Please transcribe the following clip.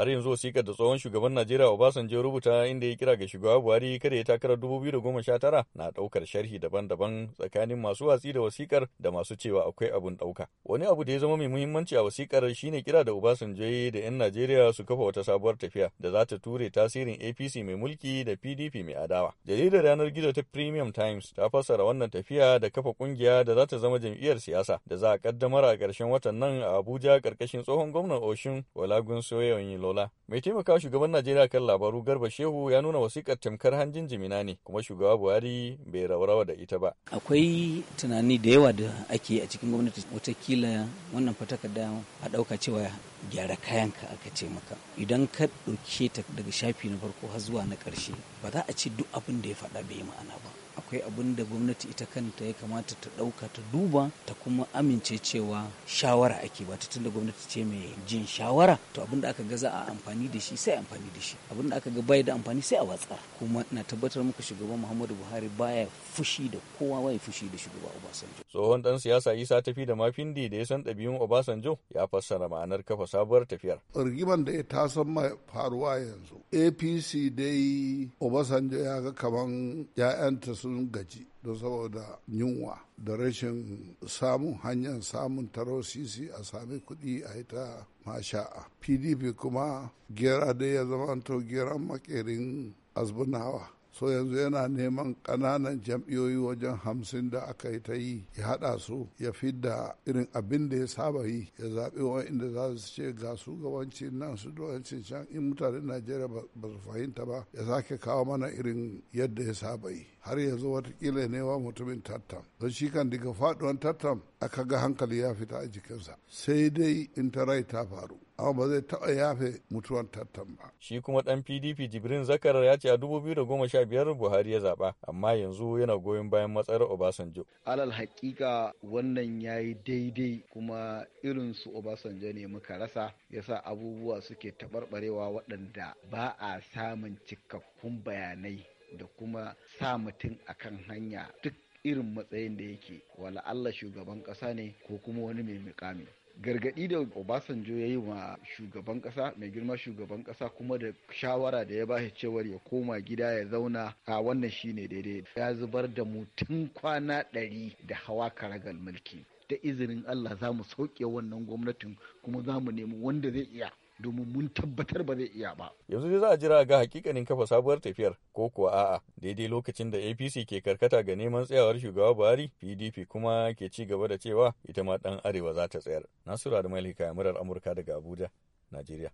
har yanzu wasikar da tsohon shugaban Najeriya Obasanjo rubuta inda ya kira ga shugaba Buhari kada ya takarar 2019 na ɗaukar sharhi daban-daban tsakanin masu watsi da wasikar da masu cewa akwai abun ɗauka Wani abu da ya zama mai muhimmanci a wasikar shine kira da Obasanjo da 'yan Najeriya su kafa wata sabuwar tafiya da za ta ture tasirin APC mai mulki da PDP mai adawa. Jaridar yanar gizo ta Premium Times ta fassara wannan tafiya da kafa kungiya da za ta zama jam'iyyar siyasa da za a kaddamar a ƙarshen watan nan a Abuja ƙarƙashin tsohon gwamnan Oshun Walagun Soyewanyi Lola. Mai taimaka shugaban Najeriya kan labaru Garba Shehu ya nuna wasikar tamkar hanjin jimina ne kuma shugaba Buhari bai raurawa da ita ba. Akwai tunani da yawa da ake a cikin gwamnati watakila wannan fatakarda a ɗauka cewa gyara ka aka ce maka idan ka ɗauke ta daga shafi na farko har zuwa na ƙarshe ba za a ci duk abin da ya faɗa bai ma'ana ba. akwai abin da gwamnati ita kanta ya kamata ta ɗauka ta duba ta kuma amince cewa shawara ake ba ta da gwamnati ce mai jin shawara to abin da aka ga za a amfani da shi sai amfani da shi abin da aka ga bai da amfani sai a watsa kuma na tabbatar muku shugaban Muhammadu Buhari baya fushi da kowa wai fushi da shugaba Obasanjo tsohon dan siyasa Isa tafi da mafindi da ya san ɗabi'un Obasanjo ya fassara ma'anar kafa sabuwar tafiyar rigiman da ya san mai faruwa yanzu APC dai Obasanjo ya ga kaman 'ya'yanta su sun gaji don saboda yunwa da rashin samun hanyar samun taro sisi a sami kuɗi a ita masha'a pdp kuma gera da ya zama to geran makerin azbunawa so yanzu yana neman ƙananan jam'iyoyi wajen hamsin da aka yi ta yi ya haɗa su ya fidda irin abin da ya saba yi ya zaɓi inda za su ce ga su gabanci nan su dogancin can in mutanen najeriya ba su fahimta ba ya sake kawo mana irin yadda ya saba yi har yanzu watakila ne wa mutumin tattam don shi kan daga faɗuwan tattam aka ga hankali ya fita a jikinsa sai dai in ta rai ta faru amma ba zai taɓa yafe mutuwar tattan ba. Shi kuma ɗan PDP Jibrin Zakar ya ce a biyar Buhari ya zaɓa amma yanzu yana goyon bayan matsayar Obasanjo. Alal haƙiƙa wannan ya yi daidai kuma irin su Obasanjo ne muka rasa yasa abubuwa suke taɓarɓarewa waɗanda ba a samun cikakkun bayanai da kuma sa mutum akan hanya duk irin matsayin da yake wala Allah shugaban ƙasa ne ko kuma wani mai mukami. gargadi da obasanjo ya yi wa shugaban kasa mai girma shugaban kasa kuma da shawara da ya ba shi cewar ya koma gida ya zauna a wannan shine daidai ya zubar da mutum kwana ɗari da hawa karagal mulki da izinin Allah za mu sauke wannan gwamnatin kuma za mu nemi wanda zai iya domin mun tabbatar ba zai iya ba. Yanzu za a jira ga hakikanin kafa sabuwar tafiyar ko kuwa a'a daidai lokacin da APC ke karkata ga neman tsayawar shugaba Buhari PDP kuma ke ci gaba da cewa ita ma dan arewa za ta tsayar. Nasiru Adamu Alhika murar Amurka daga Abuja, Najeriya.